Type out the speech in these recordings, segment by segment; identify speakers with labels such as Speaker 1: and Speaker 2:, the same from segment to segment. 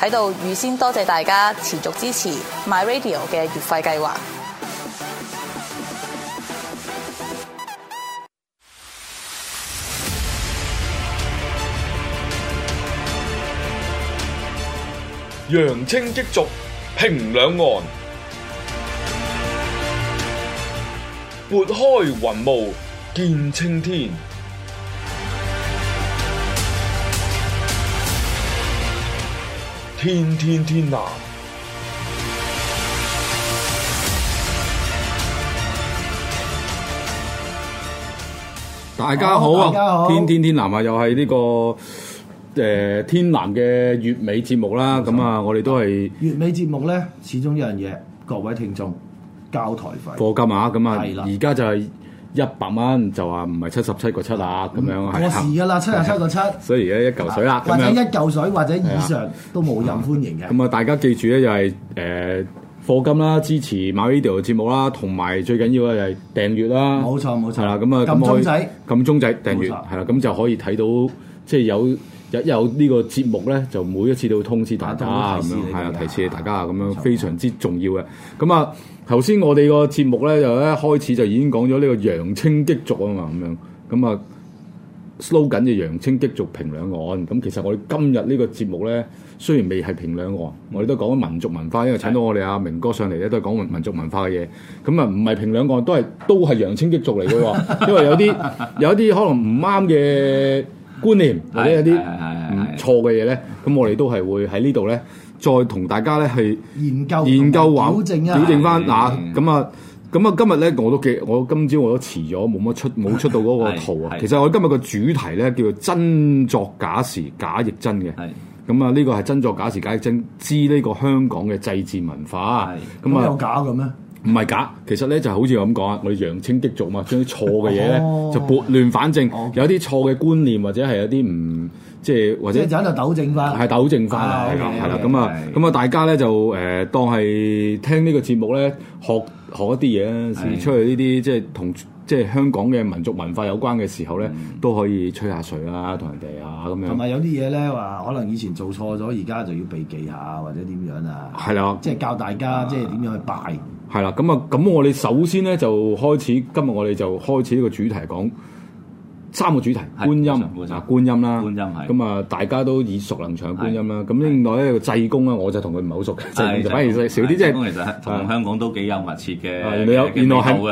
Speaker 1: 喺度預先多謝大家持續支持 My Radio 嘅月費計劃。
Speaker 2: 揚清激濁，平兩岸，撥開雲霧見青天。天天天藍，大家好啊！天天天藍啊，又係呢、這個誒、呃、天藍嘅月費節目啦。咁、嗯、啊，我哋都係
Speaker 3: 月費節目咧，始終一樣嘢，各位聽眾交台費。課金啊，咁啊，係啦，而家
Speaker 2: 了就係、是。一百蚊就話唔係七十七個七啊，咁樣過時
Speaker 3: 㗎啦，七十七個七。
Speaker 2: 所以而家一嚿水啦，或者一嚿
Speaker 3: 水或者以上都無任歡迎嘅。咁啊，
Speaker 2: 大家記住咧，就係誒課金啦，支持 MyRadio 節目啦，同埋最緊要咧就係訂閱啦。冇錯冇錯。係啦，咁啊，咁可以，撳鐘仔訂閱係啦，咁就可以睇到即係有。有有呢個節目咧，就每一次都會通知大家咁、啊啊、樣，係啊，提示大家啊，咁樣非常之重要嘅。咁啊，頭先我哋個節目咧，就一開始就已經講咗呢個揚清激俗啊嘛，咁樣咁啊 slogan 緊嘅揚清激俗平兩岸。咁其實我哋今日呢個節目咧，雖然未係平兩岸，我哋都講緊民族文化，因為請到我哋阿、啊、明哥上嚟咧，都係講民族文化嘅嘢。咁啊，唔係平兩岸，都係都係揚清激俗嚟嘅喎，因為有啲有啲可能唔啱嘅。觀念或者有啲唔錯嘅嘢咧，咁我哋都係會喺呢度咧，再同大家咧去研究、研究、話糾正、糾正翻。嗱的，咁啊、嗯，咁啊，今日咧我都記，我今朝我都遲咗，冇乜出冇出到嗰個圖啊。的其實我今日個主題咧叫做真作假時，假亦真嘅。係咁啊，呢的個係真作假時，假亦真，知呢個香港嘅祭祀文化。咁啊的，有的假嘅咩？唔係假，其實咧就好似我咁講啊，我哋揚清激俗嘛，將啲錯嘅嘢咧就撥亂反正，哦、有啲錯嘅觀念或者係有啲唔即係或者就
Speaker 3: 喺度糾正翻，係
Speaker 2: 糾正翻係啦，咁啊，咁啊，大家咧就誒、嗯、當係聽呢個節目咧學學一啲嘢，啦，試出去呢啲即係同。的即係香港嘅民族文化有關嘅時候咧，嗯、都可以吹下水啊，同人哋啊咁樣。同埋
Speaker 3: 有啲嘢咧話，可能以前做錯咗，而家就要避忌下或者點樣啊？係啦的，即係教大家的即係點樣去拜。
Speaker 2: 係啦，咁啊，咁我哋首先咧就開始，今日我哋就開始呢個主題講。三個主題，觀音嗱，觀音啦，咁啊大家都耳熟能詳觀音啦。咁另外一個濟公啦，我就同佢唔係好熟嘅，反而少啲。濟公其實同香
Speaker 1: 港都幾有密切嘅。原來
Speaker 2: 有，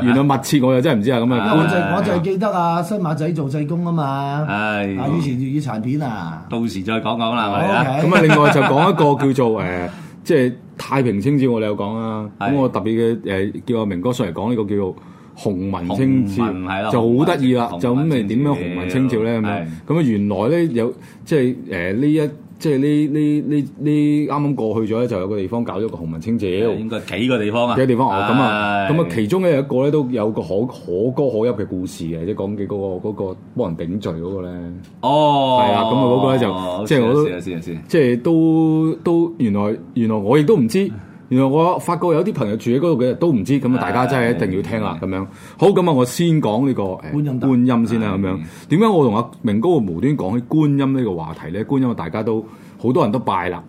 Speaker 2: 原來密切，我又真係唔知啊咁啊。我就我就
Speaker 3: 記得啊，新馬仔做濟公啊嘛。係以前粵語殘片啊。
Speaker 2: 到時再講講啦，係咁啊，另外就講一個叫做誒，即係太平清醮，我哋有講啦。咁我特別嘅誒，叫阿明哥上嚟講呢個叫做。紅文清醮文就好得意啦，就咁你點樣紅文清醮咧咁樣？咁啊原來咧有即係誒呢一即係呢呢呢呢啱啱過去咗咧，就有個地方搞咗個紅文清醮，應該幾
Speaker 1: 個地方啊？幾個地方哦，咁啊咁啊，其
Speaker 2: 中咧有一個咧都有個可可歌可泣嘅故事嘅，即係講嘅嗰個嗰、嗰個幫人頂罪嗰、嗰個咧。
Speaker 3: 哦，係啊，咁啊嗰個咧就像即係我都，
Speaker 2: 即係都都原來原來我亦都唔知。原來我發覺有啲朋友住喺嗰度嘅都唔知，咁啊大家真係一定要聽啦咁樣。好咁啊，我先講呢、呢個誒觀,觀音先啦咁樣。點解我同阿明哥無端講起觀音呢個話題咧？觀音啊，大家都好多人都拜啦。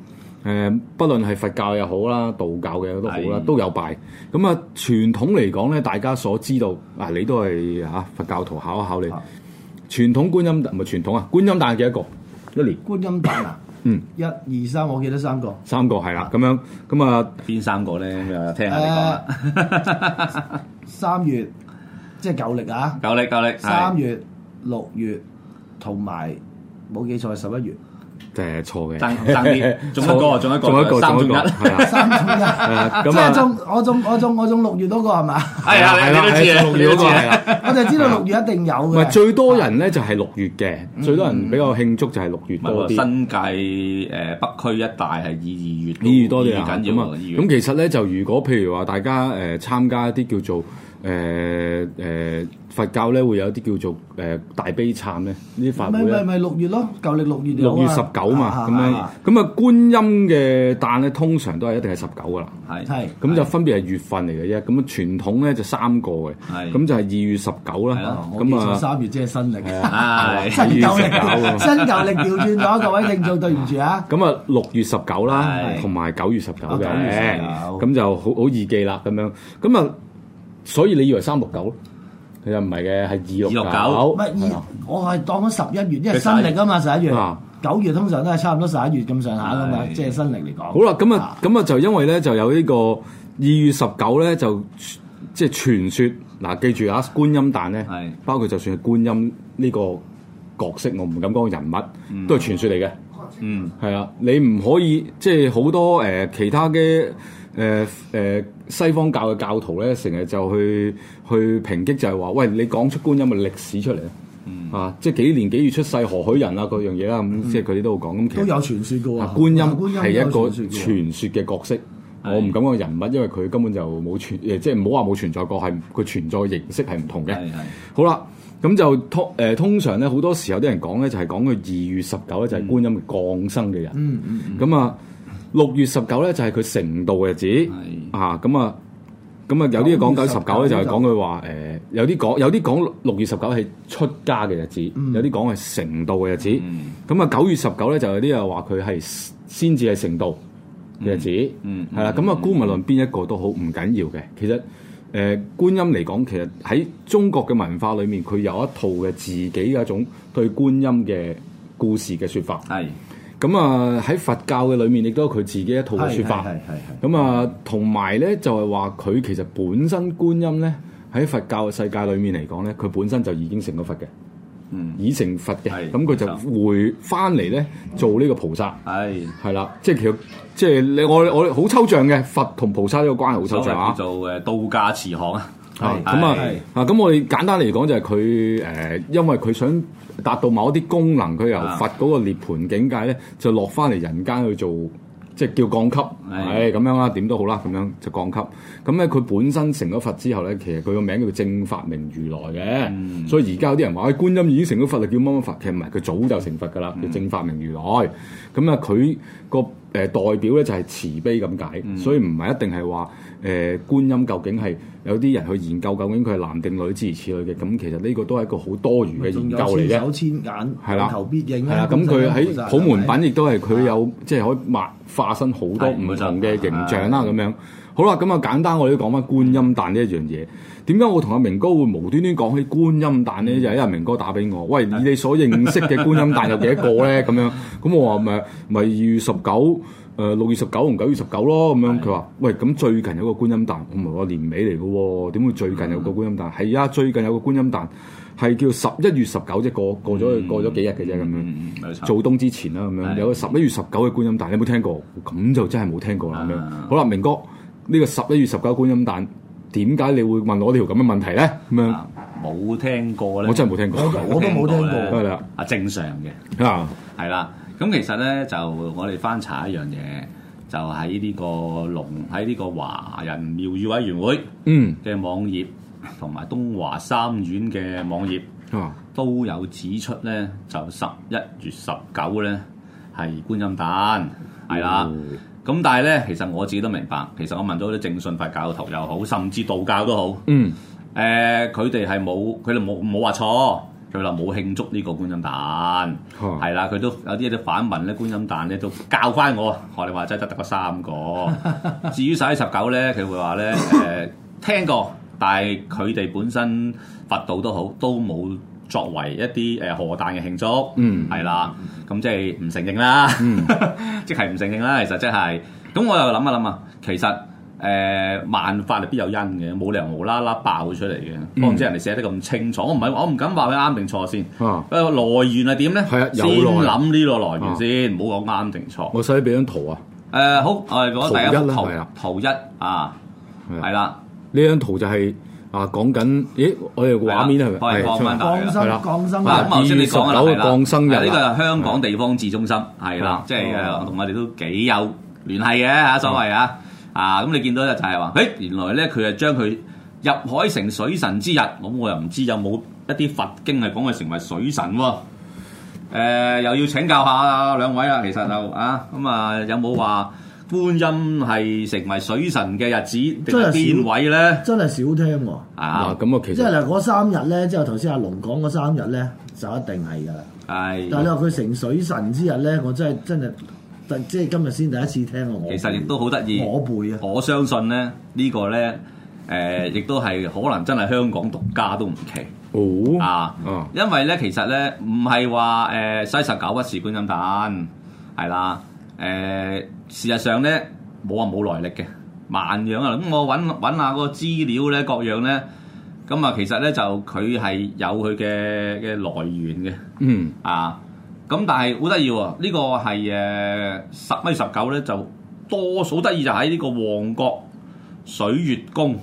Speaker 2: 誒，不論係佛教又好啦，道教嘅都好啦，都有拜。咁啊的，傳統嚟講咧，大家所知道啊，你都係嚇、啊、佛教徒考一考你。的傳統觀音唔係傳統啊，觀音誕係幾多個
Speaker 3: 一年觀音誕。嗯，一、二、三，我記得三個，
Speaker 2: 三個係啦，咁樣咁啊，邊、啊、三個咧？聽下你講、欸。
Speaker 3: 三月，即係舊歷啊！
Speaker 1: 舊歷、舊歷，三月、
Speaker 3: 是六月同埋冇記錯，係十一月。
Speaker 2: 誒，錯嘅，啲，仲一個，仲一個，三重一，三重一，即係中，
Speaker 3: 我中，我中，我中六月多個係嘛？係啊，你都知六月一個係啊，我就知道六月一定有嘅。係
Speaker 2: 最多人咧，就係六月嘅，最多人比較慶祝就係六月多啲。新
Speaker 1: 界誒北區一帶係二二
Speaker 2: 月，二月多啲啊。咁啊，咁其實咧就如果譬如話大家誒參加一啲叫做。誒誒，佛教咧會有一啲叫做誒大悲懺咧，呢啲法會。咪咪
Speaker 3: 六月咯，舊曆六月。六月十九嘛，咁樣，
Speaker 2: 咁啊觀音嘅誕咧，通常都係一定係十九噶啦。係，係咁就分別係月份嚟嘅啫。咁啊傳統咧就三個嘅。咁就係二月十九啦。咁啊
Speaker 3: 三月即係新曆。啊，新舊曆，新舊曆調轉咗，各位聽眾對唔住啊！
Speaker 2: 咁啊六月十九啦，同埋九月十九嘅。咁就好好易記啦，咁樣。咁啊。所以你以為三六九咯？9，其實唔係嘅，係二六九。唔係二，是是
Speaker 3: 我係當咗十一月，因為新歷啊嘛十一月，九對月，月通常都係差唔多十一月咁上下㗎嘛，即係的新歷嚟講。好啦的，咁啊的，
Speaker 2: 咁啊，就因為咧，就有個呢個二月十九咧，就即係傳說。嗱、啊，記住啊，觀音誕咧，係是的 包括就算係觀音呢個角色，我唔敢講人物，的都係傳說嚟嘅。嗯，係啊，你唔可以即係好多誒其他嘅。誒誒、呃，西方教嘅教徒咧，成日就去去抨擊，就係話，喂，你講出觀音嘅歷史出嚟咧，嗯、啊，即係幾年幾月出世何許人啊，嗰樣嘢啦，咁即係佢哋都會講。咁實都有傳説嘅喎。觀音觀音係一個傳説嘅角色，我唔敢講人物，因為佢根本就冇存誒，即係唔好話冇存在過，係佢存在形式係唔同嘅。係係、嗯。嗯、好啦，咁就通誒通常咧，好多時候啲人講咧，就係講佢二月十九就係觀音嘅降生嘅人。嗯嗯。咁、嗯、啊。嗯六月十九咧就係佢成道嘅日子，是啊，咁啊，咁啊有啲講九月十九咧就係講佢話誒，有啲講有啲講六月十九係出家嘅日子，嗯、有啲講係成道嘅日子，咁啊九月十九咧就有啲又話佢係先至係成道嘅日子，嗯，係啦咁啊，姑勿論邊一個都好唔緊要嘅，其實誒、呃、觀音嚟講，其實喺中國嘅文化裏面，佢有一套嘅自己嘅一種對觀音嘅故事嘅說法，係是。咁啊喺佛教嘅裏面亦都有佢自己一套嘅說法，咁啊同埋咧就係話佢其實本身觀音咧喺佛教嘅世界裏面嚟講咧，佢本身就已經成咗佛嘅，嗯，已成佛嘅，咁佢、嗯、就回翻嚟咧做呢個菩薩，係係啦，即係的的其實即係、就是、你我我哋好抽象嘅佛同菩薩呢個關係好抽象叫做誒道家慈航
Speaker 3: 啊。啊，咁啊，
Speaker 2: 啊，咁我哋簡單嚟講就係佢誒，因為佢想達到某一啲功能，佢由佛嗰個涅槃境界咧，就落翻嚟人間去做，即係叫降級，係咁是樣啦，點都好啦，咁樣就降級。咁咧，佢本身成咗佛之後咧，其實佢個名叫做正法明如來嘅，嗯、所以而家有啲人話，誒、哎，觀音已經成咗佛啦，叫乜乜佛？其實唔係，佢早就成佛噶啦，叫正法明如來。咁啊、嗯，佢、個。誒代表咧就係慈悲咁解，嗯、所以唔係一定係話誒觀音究竟係有啲人去研究究竟佢係男定女之類嘅，咁其實呢個都係一個好多餘嘅研究嚟嘅，千手
Speaker 3: 千眼，係啦，有求必應。係啦，咁佢喺普門品亦
Speaker 2: 都係佢有即係可以化化身好多唔同嘅形象啦，咁樣。好啦，咁啊簡單，我哋都講翻觀音誕呢一樣嘢。點解我同阿明哥會無端端講起觀音誕呢？就、嗯、因為明哥打俾我，喂，以 你所認識嘅觀音誕有幾多個咧？咁樣，咁我話咪咪二月十九，誒六月十九同九月十九咯。咁樣，佢話的喂，咁最近有個觀音誕，唔係喎，年尾嚟嘅喎，點會最近有個觀音誕？係啊的，最近有個觀音誕，係叫十一月十九啫，過過咗去咗幾日嘅啫。咁樣，做、嗯嗯嗯嗯、冬之前啦，咁樣有十一月十九嘅觀音誕，你有冇聽過？咁的就真係冇聽過啦。咁樣的，的好啦，明哥。呢個十一月十九觀音誕，點解你會問我呢條咁嘅問題咧？咁樣冇聽過咧，我真係冇聽過，我都冇聽過。係啦，啊正常嘅，
Speaker 1: 係啦 Yeah.。咁其實咧就我哋翻查一樣嘢，就喺呢、這個龍喺呢個華人廟宇委員會嗯嘅網頁，同埋、mm. 東華三院嘅網頁 Yeah. 都有指出咧，就十一月十九咧係觀音誕，係啦。Oh. 哦。咁但係咧，其實我自己都明白，其實我問到啲正信佛教徒又好，甚至道教都好，嗯、呃，誒，佢哋係冇，佢哋冇冇話錯，佢話冇慶祝呢個觀音誕，係啦、哦，佢都有啲嘢反問咧，觀音誕咧都教翻我，學你話齋得得個三個，至於十一十九咧，佢會話咧，誒聽過，但係佢哋本身佛道都好，都冇。作為一啲誒賀誕嘅慶祝，嗯，係啦，咁即係唔承認啦，即係唔承認啦。其實即係，咁我又諗一諗啊，其實誒萬法係必有因嘅，冇理由無啦啦爆出嚟嘅，我唔知人哋寫得咁清楚。我唔係，我唔敢話佢啱定錯先。哦，來源係點咧？係啊，先諗呢個來源先，唔好講啱定錯。
Speaker 2: 我需要俾張圖啊。
Speaker 1: 誒好，我哋講第一圖
Speaker 2: 圖一啊，係啦，呢張圖就係。話講緊，咦 cin stereotype weiß |zh|？我哋畫面係咪？降
Speaker 1: 生，降生，咁頭先你講啦，係啦，係啦，呢個香港地方志中心係啦，即係我同我哋都幾有聯繫嘅吓，所謂啊，啊咁你見到咧就係、是、話，誒、欸、原來咧佢係將佢入海成水神之日，咁我又唔知有冇一啲佛經係講佢成為水神喎。信 boys min us funky 啊、又要請教下兩位啦，其實就啊咁啊，有冇話？觀音係成為水神嘅日子定係邊位咧？真係少聽
Speaker 3: 喎！
Speaker 2: 啊，咁啊，其實、嗯、即係嗱，嗰
Speaker 3: 三日咧，即係頭先阿龍講嗰三日咧，就一定係噶啦。
Speaker 2: 係、哎呀。但係你話
Speaker 3: 佢成水神之日咧，我真係真係，即係今日先第一次聽喎。其
Speaker 1: 實亦都好得意。我背啊！我，我，我相信咧，這個、呢個咧，誒、呃，亦都係可能真係香港獨家都唔奇。哦。啊。因為咧，其實咧，唔係話誒，西十搞屈事觀音誕，係啦。誒、呃、事實上咧，冇話冇來歷嘅，萬樣啊！咁我揾揾下個資料咧，各樣咧，咁啊其實咧就佢係有佢嘅嘅來源嘅，嗯啊，咁但係好得意喎，這個呃、呢個係誒十一月十九咧就多數得意就喺呢個旺角水月宮。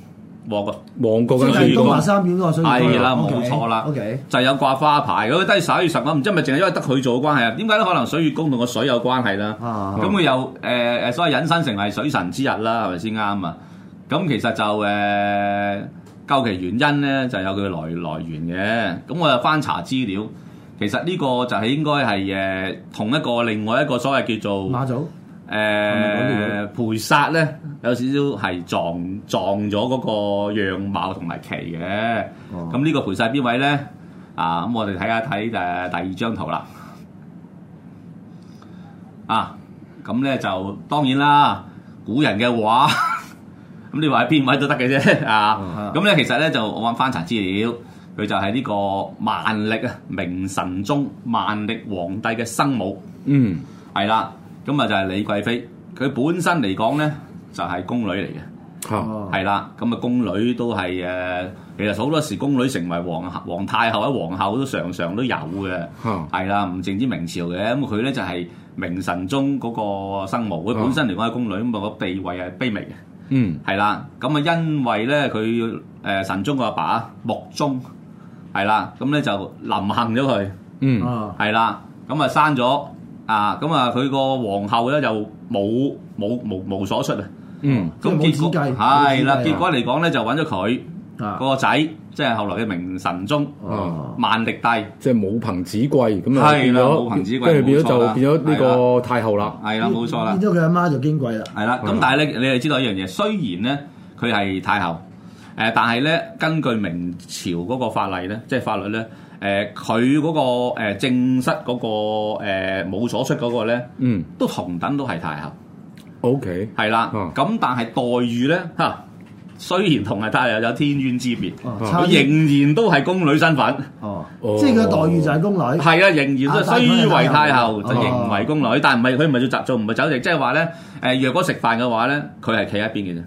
Speaker 1: 旺角，旺角嘅
Speaker 3: 水月宮，係啦，冇 Okay, 錯啦，okay.
Speaker 1: 就有掛花牌，咁佢低十一月十九，唔知係咪淨係因為得佢做嘅關係啊？點解咧？可能水月宮同個水有關係啦。咁佢又誒誒，所謂引申成為水神之日啦，係咪先啱啊？咁其實就誒、呃，究其原因咧，就有佢嘅來來源嘅。咁我又翻查資料，其實呢個就係應該係誒，同一個另外一個所謂叫做馬祖。誒菩薩咧有少少係撞撞咗嗰個樣貌同埋旗嘅，咁、哦、呢個菩薩邊位咧？啊，咁我哋睇下睇誒第二張圖啦。啊，咁咧就當然啦，古人嘅畫，咁 你話喺邊位都得嘅啫。啊，咁咧、哦、其實咧就我揾翻查資料，佢就係呢個萬歷啊明神宗萬歷皇帝嘅生母。嗯，係啦。咁啊就係李貴妃，佢本身嚟講咧就係、是、宮女嚟嘅，係啦、啊。咁啊宮女都係誒，其實好多時宮女成為皇皇太后、啊皇后都常常都有嘅，係啦、啊，唔淨止明朝嘅。咁佢咧就係、是、明神宗嗰個生母，佢、啊、本身嚟講係宮女，咁啊個地位係卑微嘅，嗯，係啦。咁啊因為咧佢誒神宗個阿爸，爸、嗯、啊，穆宗係啦，咁咧就臨幸咗佢，嗯，係啦，咁啊生咗。啊，咁啊，佢個皇后咧就冇冇冇無所出啊！嗯，咁結果係啦，結果嚟講咧就揾咗佢嗰個仔，即係後來嘅明神宗萬曆帝，
Speaker 2: 即係母憑子貴咁
Speaker 1: 啊變咗，跟住變咗就變咗呢個太后啦，係啦，冇錯啦，變
Speaker 3: 咗佢阿媽就矜貴啦，係
Speaker 1: 啦。咁但係咧，你哋知道一樣嘢，雖然咧佢係太后，誒，但係咧根據明朝嗰個法例咧，即係法律咧。誒佢嗰個誒正室嗰個誒冇所出嗰個咧，嗯，都同等都係太后，OK，係啦，咁但係待遇咧嚇，雖然同係太后有天淵之別，佢仍然都係宮女身份，哦，即係佢待遇就
Speaker 3: 係宮女，係啊，
Speaker 1: 仍然都係雖為太后，就仍為宮女，但係唔係佢唔係做雜做，唔係走席。即係話咧，誒若果食飯嘅話咧，佢係企喺邊嘅啫。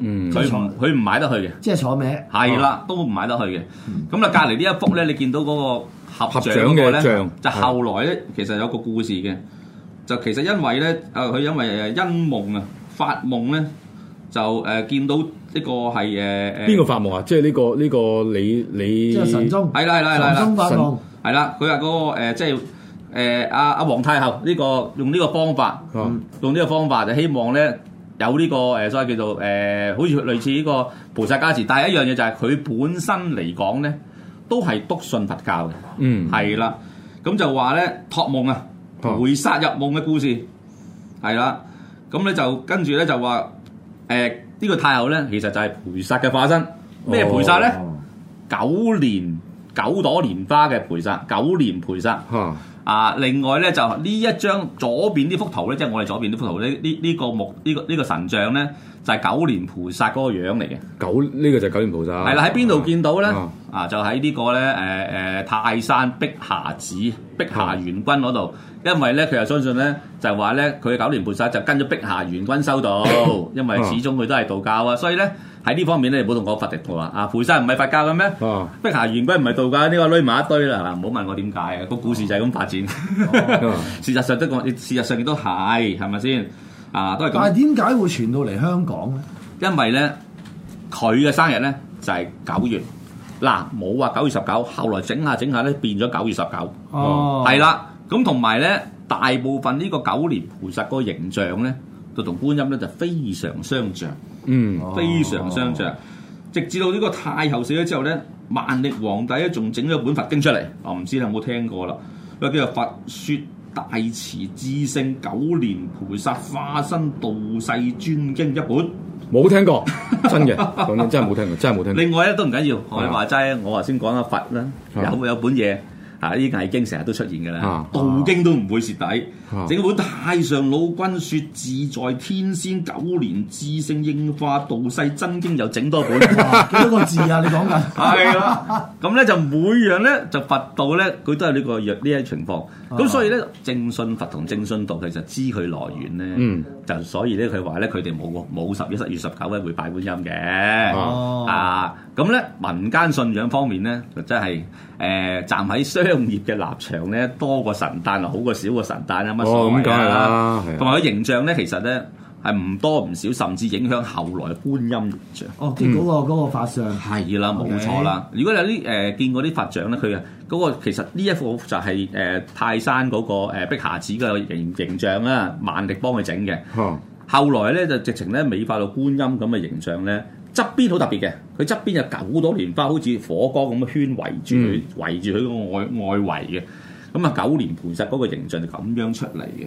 Speaker 1: 嗯，佢唔佢唔買得去嘅，即係
Speaker 3: 坐咩？係啦，
Speaker 1: 都唔買得去嘅。咁啊、嗯，隔籬呢一幅咧，你見到嗰個合掌個呢合掌嘅像，就後來咧，是的 其實有個故事嘅。就其實因為咧，啊、呃、佢因為誒、呃、因夢啊發夢咧，就誒、呃、見到呢個係誒邊個發
Speaker 2: 夢啊？即係呢、呢個呢、呢個、呢個呢個、你你即係神宗係啦係啦係啦，神宗發夢
Speaker 1: 係啦。佢話嗰個即係誒阿阿皇太后呢個用呢個方法，用呢個方法就希望咧。呢有呢、這個誒，所謂叫做誒、呃，好似類似呢個菩薩加持。但係一樣嘢就係、是、佢本身嚟講咧，都係篤信佛教嘅，嗯，係啦，咁就話咧託夢啊，菩薩入夢嘅故事係啦，咁咧就跟住咧就話誒呢個太后咧，其實就係菩薩嘅化身，咩菩薩咧？九、哦、年。九朵蓮花嘅菩薩，九年菩薩。啊，另外咧就呢一張左邊呢幅圖咧，即、就、係、是、我哋左邊呢幅圖呢呢呢個木呢、這個呢、這個神像咧，就係、是、九年菩薩嗰個樣嚟嘅。
Speaker 2: 九呢、這個就係九年菩
Speaker 1: 薩。係啦，喺邊度見到咧？啊，啊，就喺呢、這個咧誒誒泰山碧霞寺碧霞元君嗰度，因為咧佢又相信咧，就係話咧佢嘅九年菩薩就跟咗碧霞元君修道， 因為始終佢都係道教啊，所以咧。喺呢方面咧，唔好同我發敵對啊！啊，菩薩唔係佛教嘅咩？碧霞元君唔係道教，你話攆埋一堆啦！嗱，唔好問我點解啊，個故事就係咁發展、哦哦 事。事實上都講，事實上亦都係，係咪先？啊，都係咁。但係點
Speaker 3: 解會傳到嚟香港咧？
Speaker 1: 因為咧，佢嘅生日咧就係、是、九月。嗱、啊，冇話九月十九，後來整下整下咧變咗九月十九。哦，係啦。咁同埋咧，大部分呢個九蓮菩薩嗰個形象咧，都同觀音咧就非常相像。嗯，非常相像。哦、直至到呢個太后死咗之後咧，萬曆皇帝咧仲整咗本佛經出嚟，唔、啊、知你有冇聽過啦？佢叫《佛説大慈至聖九年菩薩化身道世尊經》一本，冇聽過，真嘅，講 真真係冇聽過，真係冇聽過。 另外咧都唔緊要，啊、我話齋咧，我話先講下佛啦、啊，有冇有本嘢呢啲《易、啊、經》成日都出現嘅啦，啊《道經》都唔會蝕底。整本《太上老君說自在天仙九蓮至聖應化道世真經》又整多本，幾 多個字啊？你講噶，係
Speaker 3: 啦
Speaker 1: 咁咧就每樣咧就佛道咧，佢都係呢個呢一情況。咁、啊、所以咧，正信佛同正信道其實知佢來源咧，嗯、就所以咧佢話咧，佢哋冇冇十一月十九咧會拜觀音嘅。哦，啊，啊，咁咧民間信仰方面咧，就真係誒、呃呃呃、站喺商業嘅立場咧，多，多過神誕，好過少過神誕啊！咁梗係啦，同埋佢形象咧，其實咧係唔多唔少，甚至影響後來觀音形象。哦，
Speaker 3: 見嗰個法相，係
Speaker 1: 啦，冇錯啦。如果有啲誒見過啲法相咧，佢啊嗰個其實呢一幅就係誒泰山嗰個碧霞祠嘅形形象啦，萬力幫佢整嘅。哦，後來咧就直情咧美化到觀音咁嘅形象咧，側邊好特別嘅，佢側邊有九朵蓮花，好似火光咁嘅圈圍住佢，圍住佢個外外圍嘅。咁啊，九年菩薩嗰個形象就咁樣出嚟嘅，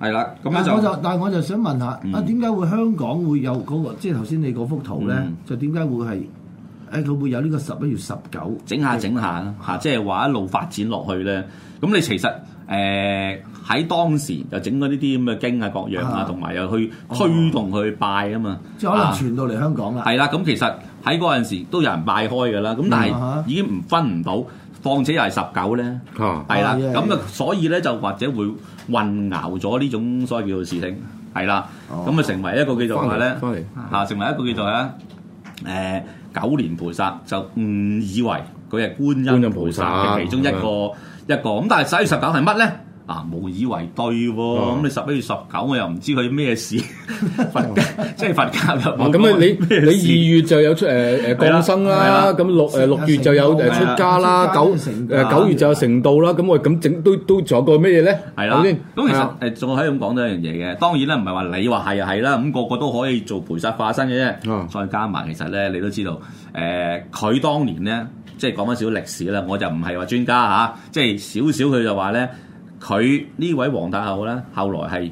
Speaker 1: 係啦。咁我就
Speaker 3: 但係我就想問下，嗯、啊點解會香港會有嗰、嗰個？即係頭先你嗰幅圖咧、嗯啊啊，就點解會係？誒佢會有呢個十一月十九？
Speaker 1: 整下整下啦，即係話一路發展落去咧。咁你其實誒喺、呃、當時就整咗呢啲咁嘅經啊、各樣啊，同埋又去推動去拜啊嘛。即係、啊、可能傳
Speaker 3: 到嚟香港啦。係
Speaker 1: 啦、啊，咁其實喺嗰陣時都有人拜開㗎啦。咁但係已經唔分唔到。嗯嗯。況且又係十九咧，係啦，咁啊，所以咧就或者會混淆咗呢種所謂叫做事情，係啦，咁啊成為一個叫做話咧嚇成為一個叫做咧，誒九蓮菩薩就誤以為佢係觀音菩薩嘅其中一個一個，咁但係十一月十九係乜咧？啊，無以為對喎！咁你十一月十九，我又唔知佢咩事。佛家即係佛家，咁你你二
Speaker 2: 月就有出誒誒降生啦，咁六誒六月就有誒出家啦，九誒九月就有成道啦。咁我咁整都都仲有個咩嘢咧？係啦，咁其實
Speaker 1: 誒仲可以咁講到一樣嘢嘅。當然啦，唔係話你話係就係啦。咁個個都可以做菩薩化身嘅啫。再加埋其實咧，你都知道誒，佢當年咧，即係講翻少少歷史啦。我就唔係話專家吓，即係少少佢就話咧。佢呢位皇太后咧，後來係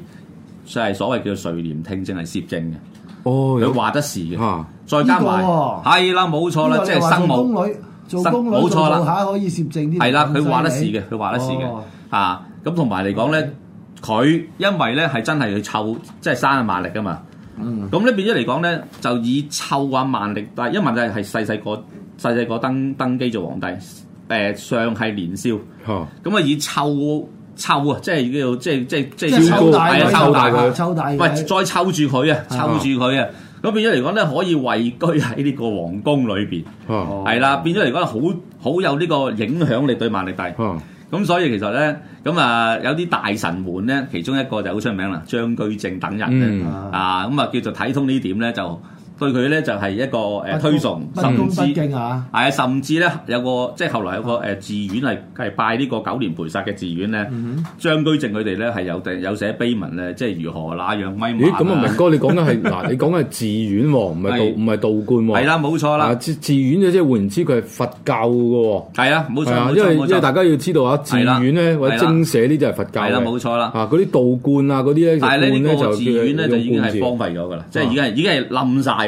Speaker 1: 即係所謂叫做垂簾聽政係攝政嘅。哦，佢話得事嘅，再加埋係啦，冇錯啦，即係生母宮女
Speaker 3: 做宮女做奴下可以攝政啲，係啦，佢話得事嘅，佢話得事嘅
Speaker 1: 啊。咁同埋嚟講咧，佢因為咧係真係去湊即係生嘅萬曆啊嘛。嗯，咁咧變咗嚟講咧，就以湊話萬曆，但係因為係係細細個細細個登登基做皇帝，誒尚係年少，咁啊以湊。抽啊！即係叫做即係即係即係，係啊！抽大抽大佢。唔係再抽住佢啊！抽住佢啊！咁變咗嚟講咧，可以位居喺呢個皇宮裏邊。哦，係啦，變咗嚟講，好好有呢個影響力對萬歷帝。咁、哦、所以其實咧，咁啊有啲大臣們咧，其中一個就好出名啦，張居正等人、嗯嗯、啊，咁啊叫做睇通呢點咧就。對佢咧就係一個誒推崇，甚至
Speaker 3: 係
Speaker 1: 甚至咧有個即係後來有個誒寺院係係拜呢個九年菩薩嘅寺院咧，張居正佢哋咧係有定有寫碑文咧，即係如何那樣咪。咦？咁啊，明哥
Speaker 2: 你講緊係嗱，你講緊寺院唔係道唔係道觀喎。係啦，冇錯啦。寺院咧即係換言之，佢係佛教㗎。係啊，冇錯，因為因為大家要知道啊，寺院咧或者精舍呢就係佛教。係啊，冇錯啦。啊，嗰啲道觀啊嗰啲咧，道觀咧就寺院咧就已經係荒廢
Speaker 1: 咗㗎啦，即係已經係已經係冧晒。係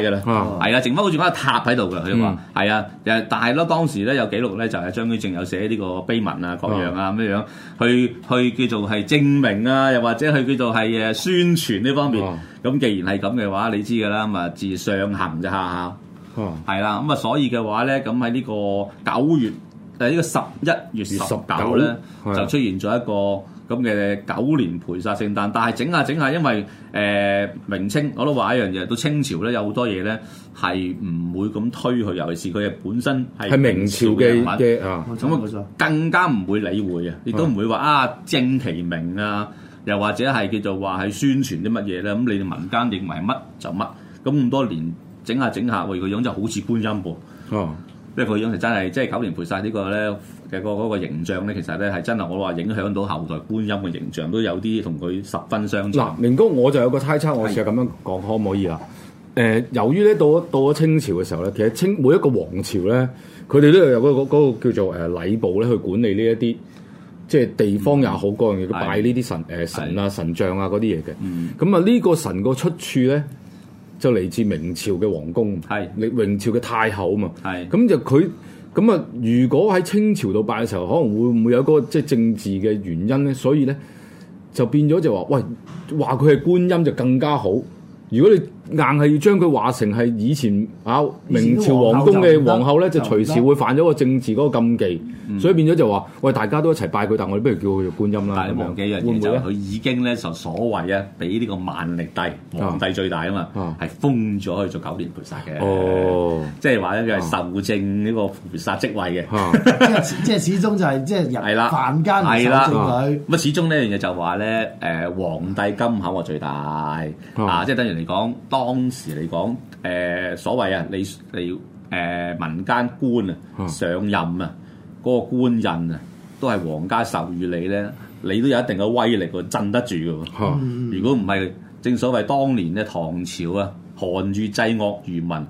Speaker 1: 啊，剩翻好似翻個塔喺度噶，佢話係啊，又但係咧，當時咧有記錄咧，就係張居正有寫呢個碑文啊，各樣啊咩樣，去去叫做係證明啊，又或者去叫做係誒宣傳呢方面。咁，啊，既然係咁嘅話，你知噶啦，咁啊自上行就下下，係，啊，啦，咁啊所以嘅話咧，咁喺呢個九月誒呢個十一月十九咧，就出現咗一個。咁嘅九年陪殺聖誕，但係整下整下，因為誒、呃、明清我都話一樣嘢，到清朝咧有好多嘢咧係唔會咁推佢，尤其是佢係本身係明朝嘅嘅啊，咁更加唔會理會嘅，亦、啊、都唔會話啊正其名啊，又或者係叫做話係宣傳啲乜嘢咧，咁、嗯、你民間認為乜就乜，咁咁多年整下整下，喂，個樣就好似觀音噃。啊即係佢當時真係，即係九年賠曬個呢個咧嘅個嗰形象咧，其實咧係真係
Speaker 2: 我話影響到後代觀音嘅形象，都有啲同佢十分相似。嗱，明哥我就有個猜測，我試下咁樣講的可唔可以啊？誒、呃，由於咧到到咗清朝嘅時候咧，其實清每一個王朝咧，佢哋都有、嗰個嗰個叫做誒禮部咧去管理呢一啲，即、就、係、是、地方又好，各樣嘢的拜呢啲神誒、呃、神啊神像啊嗰啲嘢嘅。咁啊的，呢、嗯、個神個出處咧，就嚟自明朝嘅皇宮，係明是的 明朝嘅太后啊嘛，係咁是的 就佢咁啊！如果喺清朝度拜嘅時候，可能會唔會有嗰個即係、就是、政治嘅原因咧？所以咧就變咗就話，喂，話佢係觀音就更加好。如果你硬係要將佢話成係以前啊明朝皇宮嘅皇后咧，就隨時會犯咗個政治嗰個禁忌，嗯、所以變咗就話喂，大家都一齊拜佢，但我哋不如叫佢做觀音啦。但忘記一樣嘢就係佢已經咧就所謂啊，俾呢個萬歷
Speaker 1: 帝皇帝最大啊嘛，係封咗去做九年菩薩嘅。啊即係話咧，佢係受政呢個菩薩職位嘅，
Speaker 3: 即係即係始終就係即係人凡間受正咁
Speaker 1: 啊， 始終的、啊、呢樣嘢就話咧，誒、呃，皇帝金口最大啊，啊！即係等於嚟講，當時嚟講，誒、呃，所謂啊，你你誒、呃，民間官啊，啊上任啊，嗰、那個官印啊，都係皇家授予你咧，你都有一定嘅威力，啊，鎮得住嘅，啊。啊嗯、如果唔係，正所謂當年嘅唐朝啊，韓愈祭鱷魚文。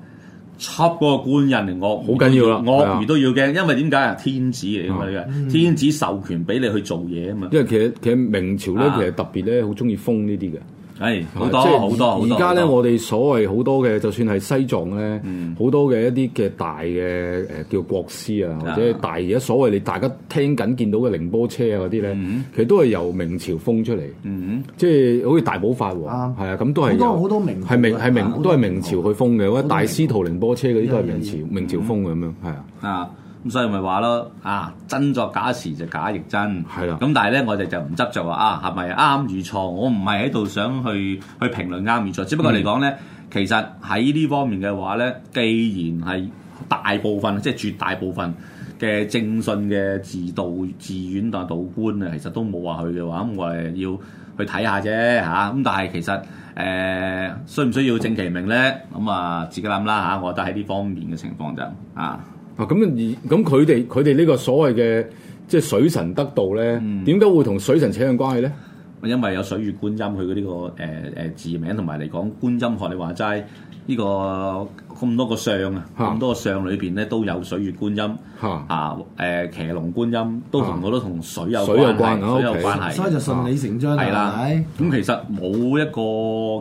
Speaker 1: 插嗰個官人惡，
Speaker 2: 好緊要啦！鱷魚都
Speaker 1: 要驚，的因為點解啊？天子嚟嘅嘛，因為、嗯、天子授權俾你
Speaker 2: 去做嘢啊嘛。因為其實其實明朝咧，啊、其實特別咧，好中意封呢啲嘅。
Speaker 1: 誒好多，即係而家咧，
Speaker 2: 我哋所謂好多嘅，就算係西藏咧，好多嘅一啲嘅大嘅誒叫國師啊，或者大而家所謂你大家聽緊見到嘅仁波切啊嗰啲咧，其實都係由明朝封出嚟，即係好似大寶法王係啊，咁都係好多明係明係明都係明朝去封嘅，大司徒仁波切嗰啲都係明朝明朝封咁樣係啊。
Speaker 1: 咁所以咪話咯，啊真作假時就假亦真，係啦的。咁但係咧，我哋就唔執著話啊係咪啱與錯，我唔係喺度想去去評論啱與錯。只不過嚟講咧，嗯、其實喺呢方面嘅話咧，既然係大部分即係絕大部分嘅正信嘅自導自願啊道觀啊，其實都冇話佢嘅話，咁我係要去睇下啫嚇。咁、啊、但係其實誒，需、呃、唔需要正其名咧？咁啊，自己諗啦嚇。我覺得喺呢方面嘅情況就
Speaker 2: 啊。啊咁而咁佢哋佢哋呢個所謂嘅即係水神得道咧，點解會同水神扯上關係咧？因為有水月觀音，佢嗰啲個誒誒、呃、字
Speaker 1: 名同埋嚟講觀音，學你話齋呢個咁、啊、多個相，啊，咁多個相裏邊咧都有水月觀音嚇啊誒、啊呃，騎龍觀音都同好多同水有水有關係，有關係，okay, 所以就順理成章啦，係咪？咁其實冇一個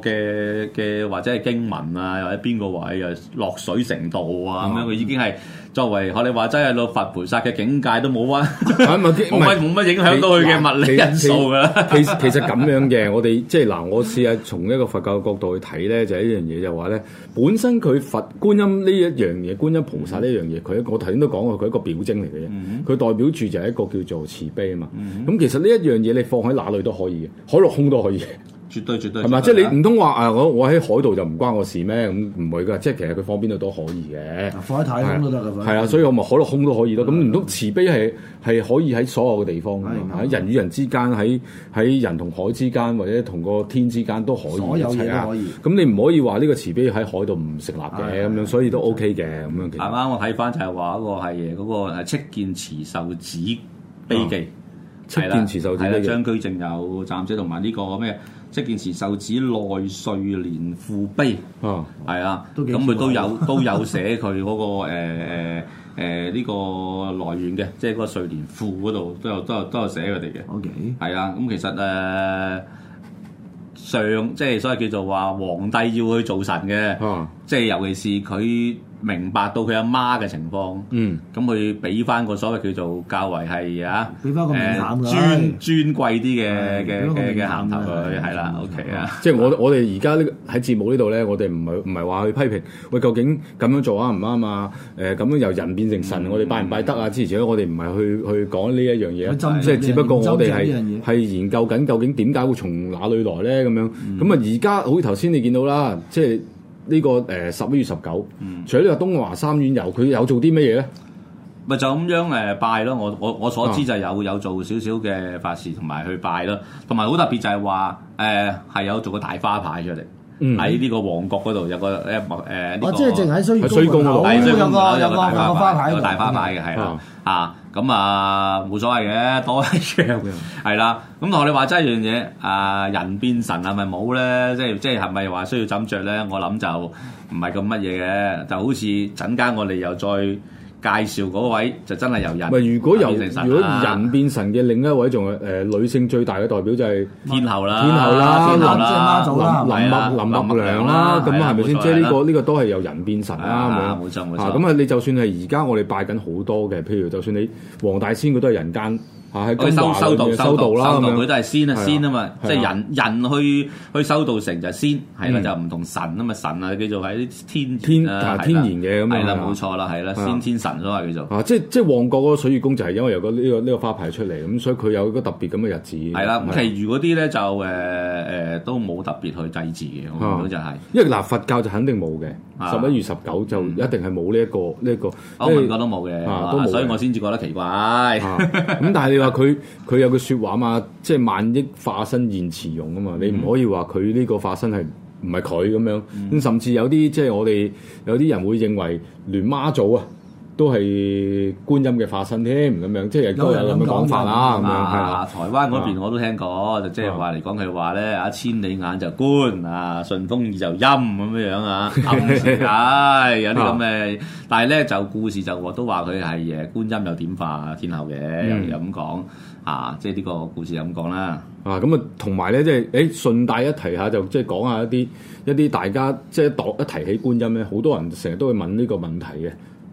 Speaker 1: 嘅嘅或者係經文啊，或者邊個位啊落水成道啊咁樣，佢已經係。嗯嗯嗯嗯作為我哋話真係到佛菩薩嘅境界都冇乜，唔係冇乜影響到佢嘅物理因素啊。其實其實咁
Speaker 2: 樣嘅，我哋即係嗱，我試下從一個佛教角度去睇咧，就係呢樣嘢就話咧，本身佢佛觀音呢一樣嘢，觀音菩薩呢樣嘢，佢一個頭先都講過，佢一個表徵嚟嘅，佢代表住就係一個叫做慈悲啊嘛。咁、嗯、其實呢一樣嘢你放喺哪裏都可以，嘅，海陸空都可以。
Speaker 1: 絕對絕對係嘛？即係你唔通
Speaker 2: 話誒，我我喺海度就唔關我事咩？咁唔會㗎。即係其實佢放邊度都可以嘅。放喺太空都得㗎。係啊，所以我咪海陸空都可以咯。咁唔通慈悲係係可以喺所有嘅地方嘅。人與人之間，喺喺人同海之間，或者同個天之間都可以。所有嘢都可以。咁你唔可以話呢個慈悲喺海度唔成立嘅咁樣，所以都 OK 嘅咁樣。啱啱
Speaker 1: 我睇翻就係話嗰個係嗰個七劍慈壽子悲記。七劍慈壽子嘅張居正有暫且同埋呢個咩？即係以前受指內瑞年父碑，係啊，咁佢的都，都有都有寫佢嗰個誒誒呢個來源嘅、就是 Okay. 呃，即係嗰個瑞年父嗰度都有都有都有寫佢哋嘅。OK，係啊，咁其實誒上即係所謂叫做話皇帝要去做神嘅。啊。即係尤其是佢明白到佢阿媽嘅情況，咁佢俾翻個所謂叫做較為係啊，俾翻個名尊尊貴啲嘅嘅嘅嘅銜頭佢係啦
Speaker 2: ，OK 啊。即係我我哋而家呢喺節目呢度咧，我哋唔係唔係話去批評喂，究竟咁樣做啱唔啱啊？誒咁樣由人變成神，我哋拜唔拜得啊？之前咧我哋唔係去去講呢一樣嘢，即係只不過我哋係係研究緊究竟點解會從哪裡來咧？咁樣咁啊！而家好似頭先你見到啦，即係。呢、這個誒十一月十九，嗯、除咗呢個東華三院遊，佢有做啲乜嘢咧？
Speaker 1: 咪就咁樣誒、呃、拜咯，我我我所知就有、啊、有做少少嘅法事同埋去拜咯，同埋好特別就係話誒係有做個大花牌出嚟。喺呢個旺角嗰度有個誒物我即係淨係需要高定頭，有個花太太有個大花牌嘅係啦嚇，咁、嗯嗯、的啊冇、啊、所謂嘅，多啲著係啦。咁同你話齋一樣嘢，啊人變神啊，咪冇咧，即係即係係咪話需要枕着咧？我諗就唔係咁乜嘢嘅，就好似陣間我哋又再。介紹嗰位就真係由人，咪如果由如果人
Speaker 2: 變神嘅另一位仲係誒女性最大嘅代表就係天后啦，天后啦，林林林林默林默娘啦，咁啊係咪先？即係呢個呢、呢個都係由人變神啦、啊，冇錯冇錯。咁啊，你就算係而家我哋拜緊好多嘅，譬如就算你黃大仙佢都係人間。佢修修道修道啦，修道佢都係仙啊，仙啊
Speaker 1: 嘛，即係人人去去修道成就係仙，係啦，就唔同神啊嘛，神啊叫做係啲天天天然嘅咁樣，冇錯啦，係啦，先天神所謂叫做
Speaker 2: 啊，即係即係旺角嗰個水月宮就係因為有個呢個呢個花牌出嚟，咁所以佢有一個特別咁嘅日子。係啦，咁其
Speaker 1: 餘嗰啲咧就誒誒都冇特別去祭祀嘅，咁樣就係。
Speaker 2: 因為嗱佛教就肯定冇嘅，十一月十九就一定係冇呢一個呢一個，我覺得冇嘅，所以我
Speaker 1: 先至覺得奇怪。
Speaker 2: 咁但係。佢佢有句説話嘛，即係萬億化身現慈容啊嘛，你唔可以話佢呢個化身係唔係佢咁樣，咁、嗯、甚至有啲即係我哋有啲人會認為連媽祖啊，都係觀音嘅化身添咁樣，即係都有咁嘅講法啦，咁樣啊。啊台灣嗰邊
Speaker 1: 我都聽過，啊、就即係話嚟講佢話咧，啊千里眼就觀啊，順風耳就陰咁樣樣啊。唉、 哎，有啲咁嘅，啊、但係咧就故事就都話佢係誒觀音又點化天后嘅，又咁講啊。即
Speaker 2: 係呢個故事咁講啦。啊，咁啊，同埋咧即係誒順帶一提一下，就即係講,一下,講一下一啲一啲大家即係一一提起觀音咧，好多人成日都會問呢個問題嘅。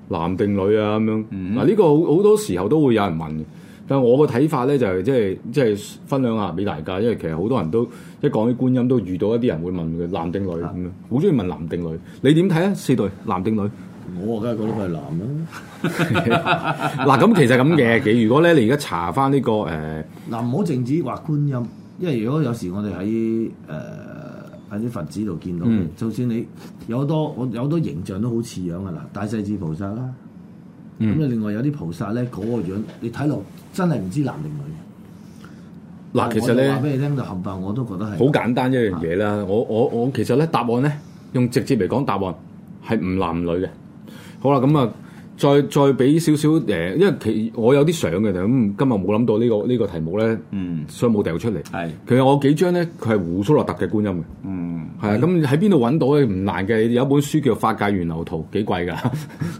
Speaker 2: 男定女啊，咁樣，嗱、這、呢個好好多時候都會有人問，但係我個睇法咧就係即係即係分享下俾大家，因為其實好多人都一講起觀音都遇到一啲人會問嘅，男定女咁樣，好中意問男定女，你點睇啊？四對男定女，我啊梗係覺得佢係男
Speaker 3: 啦。嗱咁其實咁嘅，如果咧你而家查翻、這、呢個誒，嗱唔好淨止話觀音，因為如果有時我哋喺誒。呃喺啲佛寺度見到就算、嗯、你有好多，我有好多形象都好似樣嘅。嗱，大勢至菩薩啦，咁啊、嗯、另外有啲菩薩咧嗰個樣，你睇落真係唔知男定女。
Speaker 2: 嗱，其實咧，話
Speaker 3: 俾你聽就冚唪唥我都覺得係好
Speaker 2: 簡單一樣嘢啦。我我我其實咧答案咧，用直接嚟講答案係唔男女嘅。好啦，咁啊。再再俾少少誒，因為其我有啲相嘅咁，今日冇諗到呢個呢個題目咧，所以冇掉出嚟。係其實我幾張咧，佢係胡蘇洛特嘅觀音嘅，係啊。咁喺邊度揾到咧？唔難嘅，有一本書叫《法界源流圖》，幾貴㗎。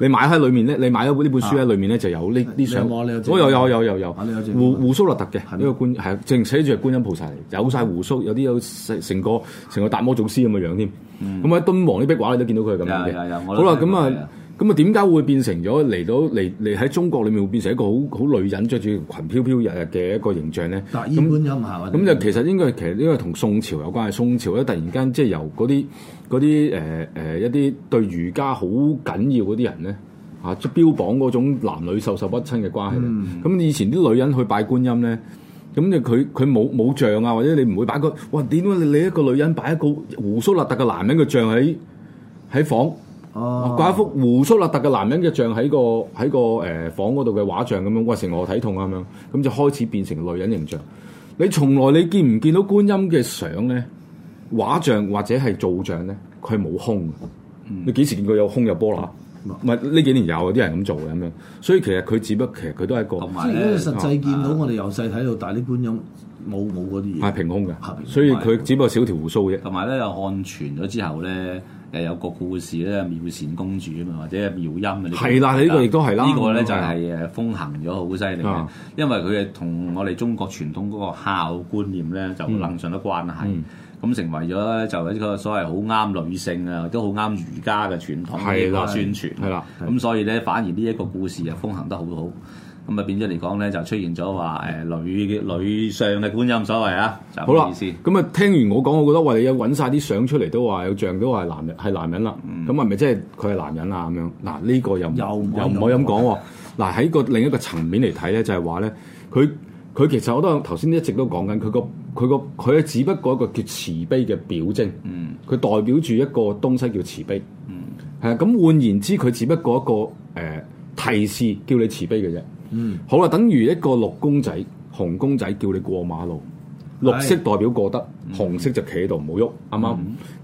Speaker 2: 你買喺裏面咧，你買咗呢本書喺裏面咧就有呢啲相。有有有有有。胡胡蘇洛特嘅呢個觀，係淨寫住係觀音菩薩嚟，有晒胡蘇，有啲有成成個成個達摩祖師咁嘅樣添。咁喺敦煌啲壁畫你都見到佢係咁樣嘅。好啦，咁啊。咁啊，點解會變成咗嚟到嚟嚟喺中國裏面會變成一個好好女人着住裙飄飄日日嘅一個形象咧？嗱，觀音係咁就其實應該係其實應該同宋朝有關係，係宋朝咧突然間即係由嗰啲嗰啲誒誒一啲對儒家好緊要嗰啲人咧嚇出標榜嗰種男女授受，受不親嘅關係。咁、嗯、以前啲女人去拜觀音咧，咁就佢佢冇冇像啊，或者你唔會擺個哇，點解你一個女人擺一個鬍鬚邋遢嘅男人嘅像喺喺房？嗰、啊、一幅鬍鬚邋遢嘅男人嘅像喺個喺個誒、呃、房嗰度嘅畫像咁、呃、樣，哇！成我睇痛啊咁樣，咁就開始變成女人形象。你從來你見唔見到觀音嘅相咧？畫像或者係造像咧，佢冇胸。你幾時見過有胸有波啦？嗯唔係呢幾年有啲人咁做嘅咁樣，所以其實佢只不過其實佢都係一個。同埋咧。即係、啊、實際見到我哋由細睇到大啲觀音，冇冇嗰啲嘢。係平空嘅。空所以佢只不過少條鬍鬚啫。同埋咧，又看
Speaker 1: 傳咗之後咧，又有個故事咧，妙善公主啊，或者妙音啊、這個、呢啦，呢個亦都係啦。呢個咧就係誒風行咗好犀利，因為佢誒同我哋中國傳統嗰個孝觀念咧就能上得關係。嗯咁成為咗就係一個所謂好啱女性啊，都好啱儒家嘅傳統嘅宣傳，係啦。咁所以咧，反而呢一個故事啊，風行得好好。咁啊，變咗嚟講咧，就出現咗話誒女嘅女相嘅觀音所謂啊，就好啦。
Speaker 2: 咁啊，聽完我講，我覺得哇，你又揾曬啲相出嚟，都話有像都話係男人係男人啦。咁係咪即係佢係男人啊？咁樣嗱，呢個又又唔可以咁講。嗱，喺個另一個層面嚟睇咧，就係話咧，佢佢其實我都頭先一直都講緊佢個。佢個佢啊，只不過一個叫慈悲嘅表徵，佢代表住一個東西叫慈悲，係、嗯、啊。咁換言之，佢只不過一個誒、呃、提示，叫你慈悲嘅啫。嗯，好啦，等於一個綠公仔、紅公仔，叫你過馬路。是綠色代表過得，嗯、紅色就企喺度唔好喐，啱唔啱？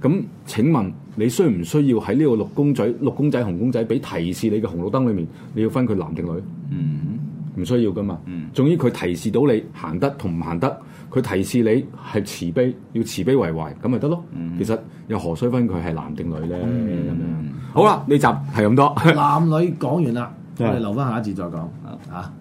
Speaker 2: 咁、嗯、請問你需唔需要喺呢個綠公仔、綠公仔、紅公仔俾提示你嘅紅綠燈裏面，你要分佢男定女？嗯。唔需要噶嘛，仲依佢提示到你行得同唔行得，佢提示你係慈悲，要慈悲為懷，咁咪得咯。嗯、其實又何需分佢係男定女咧？咁樣、嗯、好啦吧，呢集係咁多，男女講完
Speaker 3: 啦， 我哋留翻下一節再講吓。的